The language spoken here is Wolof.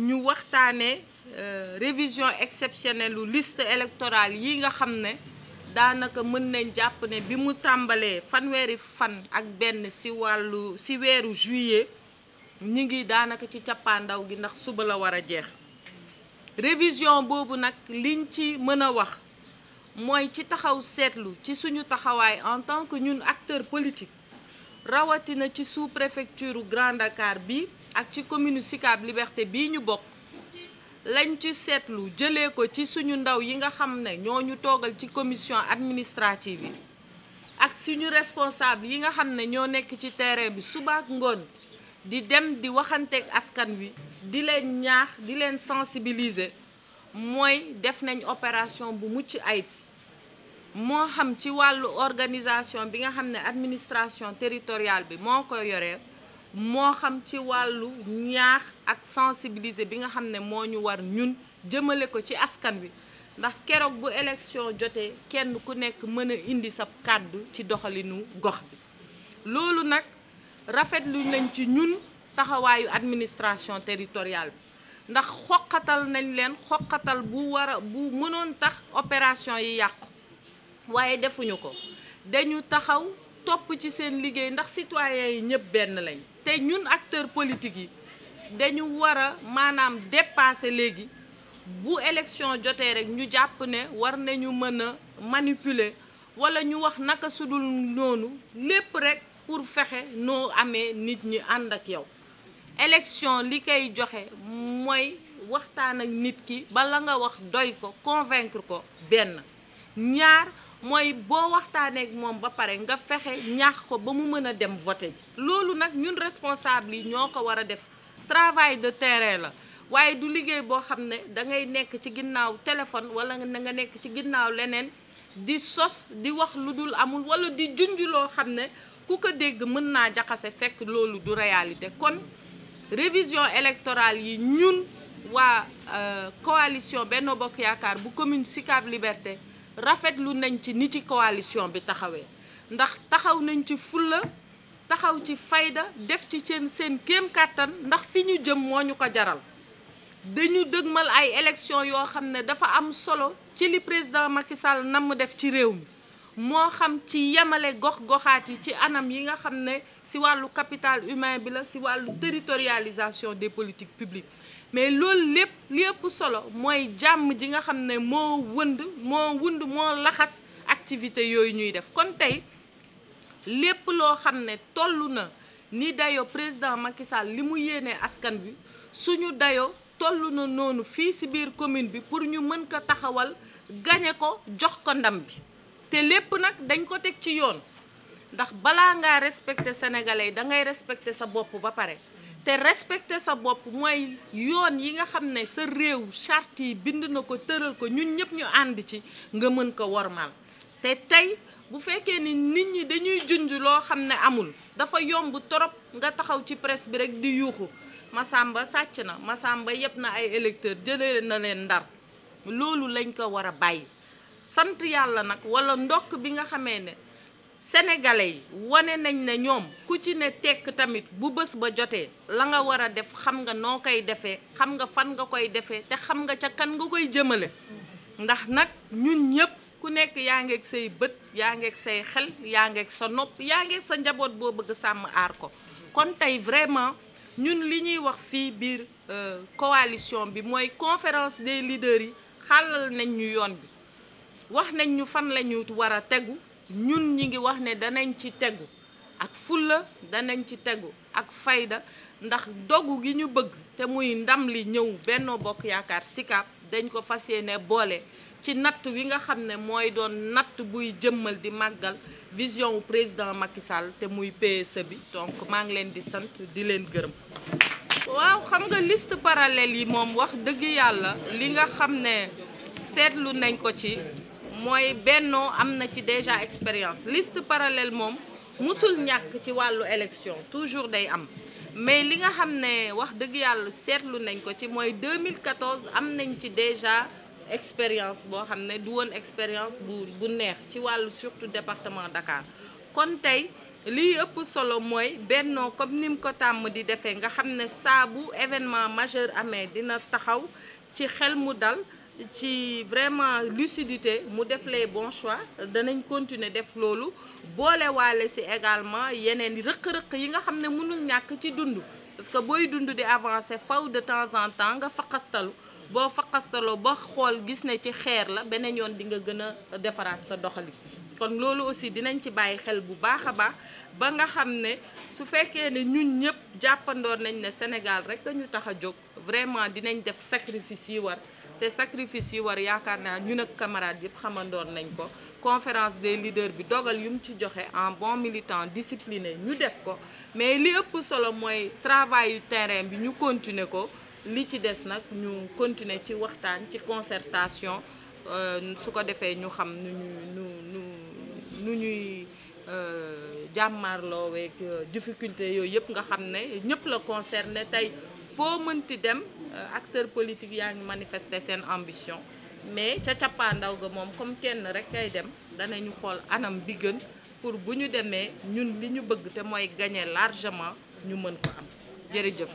ñu waxtaanee euh, révision exceptionnelle lu liste électorale yi nga xam ne daanaka mën nañ jàpp ne bi mu tàmbalee fanweeri fan ak benn ci wàllu ci weeru juillet ñu ngi daanaka ci cappaandaw gi ndax suba la war a jeex révision boobu nag liñ ci mën a wax mooy ci taxaw seetlu ci suñu taxawaay en tant que ñun acteur politique rawatina ci sous-préfecture Grand Dakar bi ak ci commune Sicap Liberté bii ñu bokk lañ ci seetlu jëlee ko ci suñu ndaw yi nga xam ne ñoo ñu toogal ci commission administrative yi ak suñu responsable yi nga xam ne ñoo nekk ci terrain bi suba ak ngoon di dem di waxanteeg askan wi di leen ñaax di leen sensibiliser mooy def nañ opération bu mucc ayib moo xam ci wàllu organisation bi nga xam ne administration territoriale bi moo ko yore moo xam ci wàllu ñaax ak sensibiliser bi nga xam ne moo ñu war ñun jëmale ko ci askan wi ndax keroog bu élection jotee kenn ku nekk mën a indi sab kàddu ci doxalinu gox bi loolu nag rafetlu nañ ci ñun taxawaayu administration teritorial bi ndax xoqatal nañ leen xoqatal bu war bu mënoon tax opération yi yàqu waaye defuñu ko dañu taxaw topp ci seen liggéey ndax citoyens yi ñëpp benn lañ te ñun acteurs politiques yi dañu war a maanaam dépasser léegi bu élection jotee rek ñu jàpp ne war nañu mën a manipuler wala ñu wax naka sudul noonu lépp rekk pour fexe noo amee nit ñi ànd ak yow élection li koy joxe mooy waxtaan ak nit ki bala nga wax doy ko convaincre ko benn ñaar mooy boo waxtaaneek moom ba pare nga fexe ñaax ko ba mu mën a dem voter ji loolu nag ñun responsable yi ñoo ko war a def travail de terrain la waaye du liggéey boo xam ne da ngay nekk ci ginnaaw téléphone wala na nga nekk ci ginnaaw leneen di sos di wax lu dul amul wala di junj loo xam ne ku ko dégg mën naa jaxase fekk loolu du réyalité kon révision électoral yi ñun waa euh, coalition Benno Bokk Yaakaar bu commune Sicap Liberté rafetlu nañ ci ni ci coalition bi taxawee ndax taxaw nañ ci fulla taxaw ci fayda def ci seen seen kéem kàttan ndax fi ñu jëm moo ñu ko jaral dañu dëgmal ay élection yoo xam ne dafa am solo ci li président Macky Sall namm def ci réew mi moo xam ci yemale gox-goxaat yi ci anam yi nga xam ne si wàllu capital humain bi la si wàllu territorialisation des politiques publiques mais loolu lépp li solo mooy jàmm ji nga xam ne moo wënd moo wënd moo laxas activité yooyu ñuy def kon tey lépp loo xam ne toll na ni dayo président Macky li mu yéenee askan bi suñu dayo toll na noonu fii si biir commune bi pour ñu mën ko taxawal gañe ko jox ko ndam bi te lépp nag dañ ko teg ci yoon ndax balaa ngaa respecter sénégalais yi da ngay respecter sa bopp ba pare te respecter sa bopp mooy yoon yi nga xam ne sa réew charte yi bind na ko tëral ko ñun ñëpp ñu ànd ci nga mën ko wormal te tey bu fekkee ni nit ñi dañuy junj loo xam ne amul dafa yomb torop nga taxaw ci presse bi rek di yuuxu Masamba sàcc na Masamba yëpp na ay électeur jële na leen ndar loolu lañ ko war a bàyyi sant yàlla nag wala ndokk bi nga xamee ne sénégalais yi wane nañ ne ñoom ku ci ne tekk tamit bu bés ba jotee la nga war a def xam nga noo koy defee xam nga fan nga koy defee te xam nga ca kan nga koy jëmale ndax nag ñun ñëpp ku nekk yaa ngeeg say bët yaa ngeeg say xel yaa ngeeg sa nopp yaa ngeeg sa njaboot boo bëgg sàmm aar ko kon tey vraiment ñun li ñuy wax fii biir euh, coalition bi mooy conférence des leaders yi xàllal nañ ñu yoon bi wax nañ ñu fan la ñu war a tegu ñun ñi ngi wax ne danañ ci tegu ak fulla danañ ci tegu ak fayda ndax dogu gi ñu bëgg te muy ndam li ñëw Benno Bokk Yaakaar Sicap dañ ko fas yéene boole ci natt wi nga xam ne mooy doon natt buy jëmmal di màggal vision wu président Macky Sall te muy PSE bi donc maa ngi leen di sant di leen gërëm. waaw xam nga liste parallèle yi moom wax dëgg yàlla li nga xam ne seetlu nañ ko ci. mooy bennoo am na ci déjà expérience liste parallèle moom mosul ñàkk ci wàllu élection toujours day am mais li nga xam ne wax dëgg yàlla seetlu nañ ko ci mooy 2014 am nañ ci déjà expérience boo xam ne du woon expérience bu bu neex ci wàllu surtout département Dakar kon tey lii ëpp solo mooy bennoo comme ni mu ko tàmm di defee nga xam ne saa événement majeur amee dina taxaw ci xel mu dal ci vraiment lucidité mu def les bons choix danañ continuer def loolu boole waale si également yeneen rëq-rëq yi nga xam ne mënul ñàkk ci dund parce que booy dund di avancer faw de temps en temps nga faqastalu boo faqastaloo ba xool gis ne ci xeer la beneen yoon di nga gën a defaraat sa doxali kon loolu aussi dinañ ci bàyyi xel bu baax a baax ba nga xam ne su fekkee ne ñun ñëpp jàppandoor nañ ne Sénégal rek dañu tax a jóg vraiment dinañ def sacrifice yi war te sacrifice yi war yaakaar naa ñun ak camarades yëpp xamandoon nañ ko conférence des leaders bi dogal yu mu ci joxe en bon militant discipliné ñu def ko mais li ëpp solo mooy travail terrain bi ñu continuer ko li ci des nag ñu continuer ci waxtaan ci concertation euh, su ko defee ñu xam nu ñu nu nu ñuy euh, jàmmarloo weeg euh, difficulté yooyu yëpp nga xam ne ñëpp la concerné tey foo mënti dem Euh, acteur politiques yaa ngi manifester seen ambition mais ca cappaandaw ga moom comme kenn rek kay dem ñu xool anam bi gën pour bu ñu demee ñun li ñu bëgg te mooy gagner largement ñu mën ko am jërëjëf